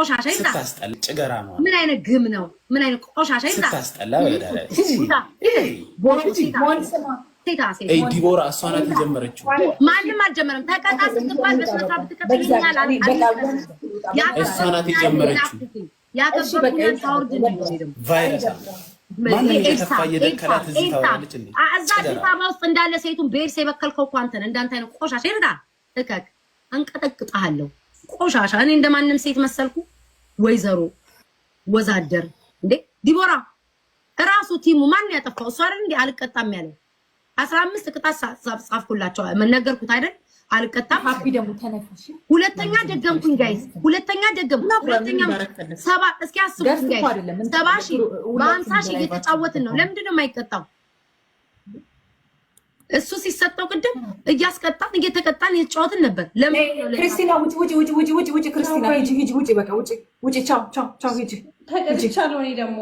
ቆሻሻ ይብዛ። ጭገራ ነው። ምን አይነት ግም ነው? ምን አይነት ቆሻሻ ይብዛ። ስታስጠላ ዲቦራ እሷ ናት የጀመረችው። ማንም አልጀመረም። ተቀጣ ስትባል በስነ ስርዓት እሷ ናት የጀመረችው። እዛ አዲስ አበባ ውስጥ እንዳለ ሴቱን በኤድስ የበከልከው እኮ አንተ ነህ። እንዳንተ አይነት ቆሻሻ ይብዛ። እከክ አንቀጠቅጥሃለሁ ቆሻሻ። እኔ እንደማንም ሴት መሰልኩ? ወይዘሮ ወዛደር እንዴ ዲቦራ እራሱ ቲሙ ማን ያጠፋው? እሷ አይደል እንዴ አልቀጣም ያለው? አስራ አምስት ቅጣት ጻፍኩላቸው መነገርኩት አይደል? አልቀጣም። ሀፒ ደግሞ ተነፈሽ። ሁለተኛ ደገምኩኝ ጋይስ፣ ሁለተኛ ደገምኩ። ሁለተኛ ሰባ እስኪ አስቡት ጋይስ፣ ሰባ ሺህ በሀምሳ ሺህ እየተጫወትን ነው። ለምንድን ነው የማይቀጣው? እሱ ሲሰጠው ቅድም እያስቀጣን እየተቀጣን የተጫወትን ነበር። ክርስቲና ውጭ ውጭ ውጭ ውጭ ውጭ ውጭ ክርስቲና ሂጂ ሂጂ ውጭ በቃ ውጭ ውጭ ቻው ቻው ቻው ሂጂ ተቀጥቻለሁ። እኔ ደግሞ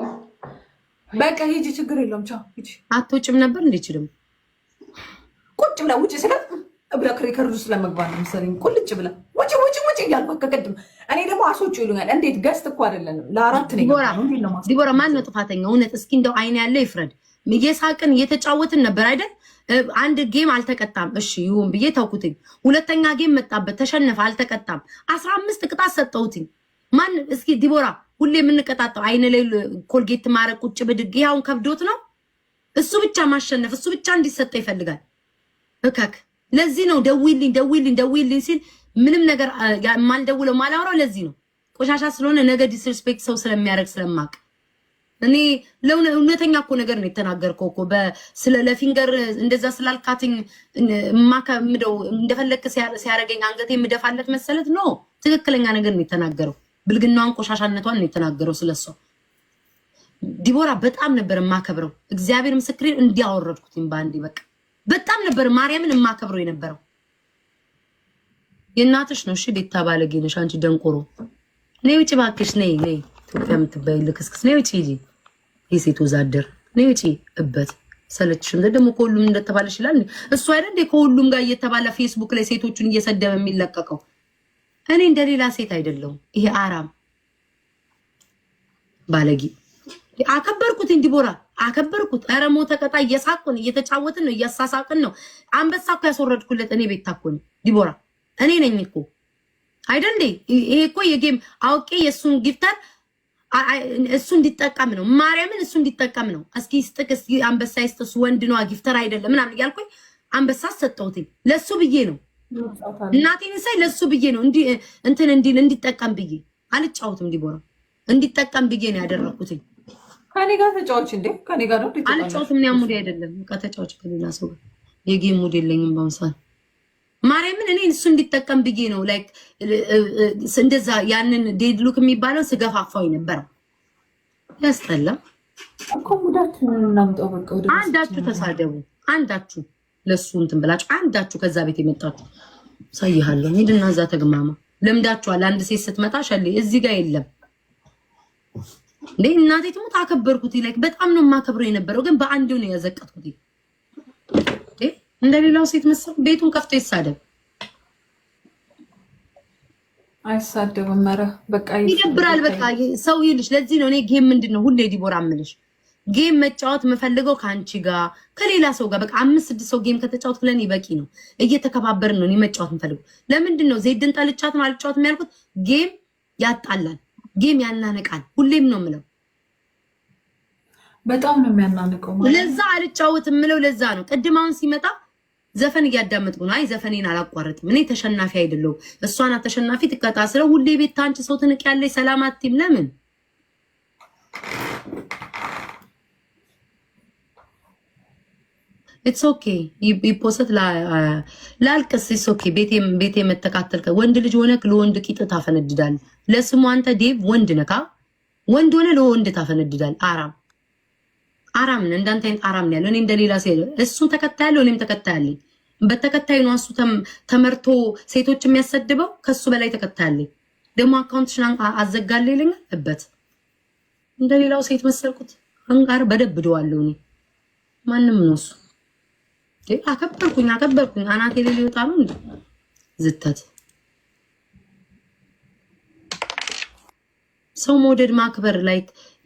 በቃ ሂጂ ችግር የለውም ቻው ሂጂ። አትውጭም ነበር እንዲችልም ቁጭ ብላ ውጭ ስለ ብለ ክሪከርዱ ስለመግባት ነው መሰለኝ ቁልጭ ብላ ውጭ ውጭ ውጭ እያልኩ ከቅድም እኔ ደግሞ አሶቹ ይሉኛል። እንዴት ገስት እኮ አይደለንም ለአራት ነኝ። ዲቦራ ማን ነው ጥፋተኛ? እውነት እስኪ እንደው አይን ያለው ይፍረድ። እየሳቅን እየተጫወትን ነበር አይደል አንድ ጌም አልተቀጣም። እሺ ይሁን ብዬ ተውኩትኝ። ሁለተኛ ጌም መጣበት፣ ተሸነፈ፣ አልተቀጣም። አስራ አምስት ቅጣት ሰጠውትኝ። ማን እስኪ ዲቦራ፣ ሁሌ የምንቀጣጠው አይነ ላይ ኮልጌት ማረቅ፣ ቁጭ ብድግ፣ ይኸውን ከብዶት ነው። እሱ ብቻ ማሸነፍ፣ እሱ ብቻ እንዲሰጠው ይፈልጋል። እከክ ለዚህ ነው ደዊልኝ፣ ደዊልኝ፣ ደዊልኝ ሲል ምንም ነገር ማልደውለው ማላውረው ለዚህ ነው። ቆሻሻ ስለሆነ ነገ ዲስሪስፔክት ሰው ስለሚያደርግ ስለማቅ እኔ ለእውነ እውነተኛ እኮ ነገር ነው የተናገርከው እኮ ስለ ለፊንገር እንደዛ ስላልካትኝ ማከምደው እንደፈለክ ሲያደርገኝ አንገት የምደፋለት መሰለት ነው። ትክክለኛ ነገር ነው የተናገረው። ብልግናዋን ቆሻሻነቷን ነው የተናገረው። ስለሷ ዲቦራ በጣም ነበር የማከብረው። እግዚአብሔር ምስክሬን እንዲያወረድኩትኝ በአንድ በቃ በጣም ነበር ማርያምን የማከብረው የነበረው። የእናትሽ ነው እሺ። ቤት ባለጌ ነሽ አንቺ ደንቆሮ ነይ ውጭ እባክሽ ነይ ነይ ኢትዮጵያ የምትባይ ልክስክስ ነው ውጪ ሂጂ። የሴት ወዛደር ነው ውጪ እበት ሰለችሽም ደግሞ ከሁሉም እንደተባለ ይችላል። እሱ አይደል ከሁሉም ጋር እየተባለ ፌስቡክ ላይ ሴቶቹን እየሰደበ የሚለቀቀው። እኔ እንደሌላ ሴት አይደለሁም። ይሄ አራም ባለጌ አከበርኩት፣ እንዲቦራ አከበርኩት። ኧረ ሞተ ቀጣ እየሳቅን እየተጫወትን ነው እያሳሳቅን ነው። አንበሳ እኮ ያስወረድኩለት እኔ ቤት እኮ ዲቦራ፣ እኔ ነኝ እኮ አይደል እንዴ? ይሄ እኮ የጌም አውቄ የእሱን ጊፍተር እሱ እንዲጠቀም ነው። ማርያምን እሱ እንዲጠቀም ነው። እስኪ ስጥቅ እስኪ አንበሳ ይስጥስ ወንድ ነዋ ጊፍተር አይደለም ምናምን እያልኩኝ አንበሳ ሰጠሁትኝ። ለእሱ ብዬ ነው እናቴን ሳይ ለእሱ ብዬ ነው እንትን እንዲል እንዲጠቀም ብዬ አልጫወትም። ዲቦራ እንዲጠቀም ብዬ ነው ያደረኩትኝ። ከኔ ጋር ተጫዎች እንዴ? ከኔ ጋር ነው አልጫወትም። እኔ ሙዴ አይደለም ተጫዎች ከሌላ ሰው የጌም ሙድ የለኝም በአሁኑ ሰዓት ማርያምን እኔ እሱ እንዲጠቀም ብዬ ነው ላይክ እንደዛ ያንን ዴድሉክ የሚባለው ስገፋፋው ነበረው። ያስጠላ አንዳችሁ ተሳደቡ፣ አንዳችሁ ለሱ እንትን ብላችሁ፣ አንዳችሁ ከዛ ቤት የመጣችሁ ሳይሃለሁ ሂድና እዛ ተግማማ ለምዳችኋል። አንድ ሴት ስትመጣ ሸሌ እዚህ ጋር የለም እንዴ እናቴ ትሙት አከበርኩት። ላይክ በጣም ነው የማከብረው የነበረው ግን በአንዴው ነው ያዘቀጥኩት። እንደሌላው ሴት መሰል ቤቱን ከፍቶ ይሳደብ። አይሳደብም። ኧረ በቃ ይደብራል። በቃ ሰው ይልሽ። ለዚህ ነው እኔ ጌም ምንድን ነው ሁሌ ዲቦራ ምልሽ ጌም መጫወት የምፈልገው ከአንቺ ጋር ከሌላ ሰው ጋር በቃ አምስት ስድስት ሰው ጌም ከተጫወት ለእኔ ይበቂ ነው። እየተከባበርን ነው እኔ መጫወት የምፈልገው። ለምንድን ነው ዜድን ጠልቻት አልጫወት የሚያልኩት? ጌም ያጣላል፣ ጌም ያናነቃል። ሁሌም ነው የምለው። በጣም ነው የሚያናንቀው። ለዛ አልጫወት የምለው ለዛ ነው። ቅድም አሁን ሲመጣ ዘፈን እያዳመጥኩ ነው። አይ ዘፈኔን አላቋርጥም። እኔ ተሸናፊ አይደለሁም። እሷና ተሸናፊ። ትቀጣ ስለ ሁሌ ቤት ታንቺ ሰው ትንቂያለሽ፣ ሰላም አትይም። ለምን ኢትስ ኦኬ ይፖሰት ላልቅስ። ኢትስ ኦኬ ቤቴ መተካተል ወንድ ልጅ ሆነክ ለወንድ ቂጥ ታፈነድዳል። ለስሙ አንተ ዴቭ ወንድ ነካ ወንድ ሆነ ለወንድ ታፈነድዳል። አራም አራም ነን። እንዳንተ አይነት አራም ነው ያለው። እኔ እንደሌላ ሰው እሱ ተከታይ ያለው እኔም ተከታይ አለኝ። በተከታይ ነው እሱ ተመርቶ ሴቶች የሚያሰድበው ከሱ በላይ ተከታይ አለኝ። ደግሞ አካውንትሽን አዘጋለ ይለኛል። እበት እንደሌላው ሴት መሰልኩት። አንጋር በደብደዋለሁ። እኔ ማንም ነው እሱ አከበርኩኝ አከበርኩኝ። አናቴ ላይ ሊወጣ ነው እንዴ? ዝተት ሰው መውደድ ማክበር ላይ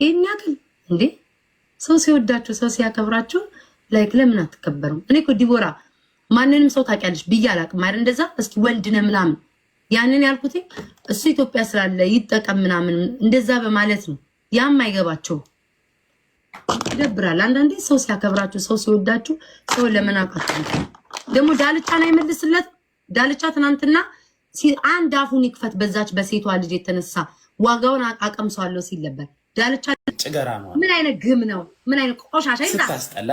ይሄን ያክል እንዴ ሰው ሲወዳችሁ ሰው ሲያከብራችሁ ላይክ ለምን አትከበሩም? እኔ እኮ ዲቦራ ማንንም ሰው ታውቂያለሽ ብዬ አላውቅም አይደል? እንደዛ እስኪ ወንድ ነህ ምናምን ያንን ያልኩት እሱ ኢትዮጵያ ስላለ ይጠቀም ምናምን እንደዛ በማለት ነው። ያም አይገባቸው ይደብራል። አንዳንዴ ሰው ሲያከብራችሁ ሰው ሲወዳችሁ ሰው ለምን አቃት ደግሞ ዳልቻን አይመልስለት። ዳልቻ ትናንትና አንድ አፉን ይክፈት በዛች በሴቷ ልጅ የተነሳ ዋጋውን አቀምሰዋለሁ ሲል ነበር። ዳልቻ ጭገራ ነው። ምን አይነት ግም ነው? ምን አይነት ቆሻሻ ይዛ ስታስጠላ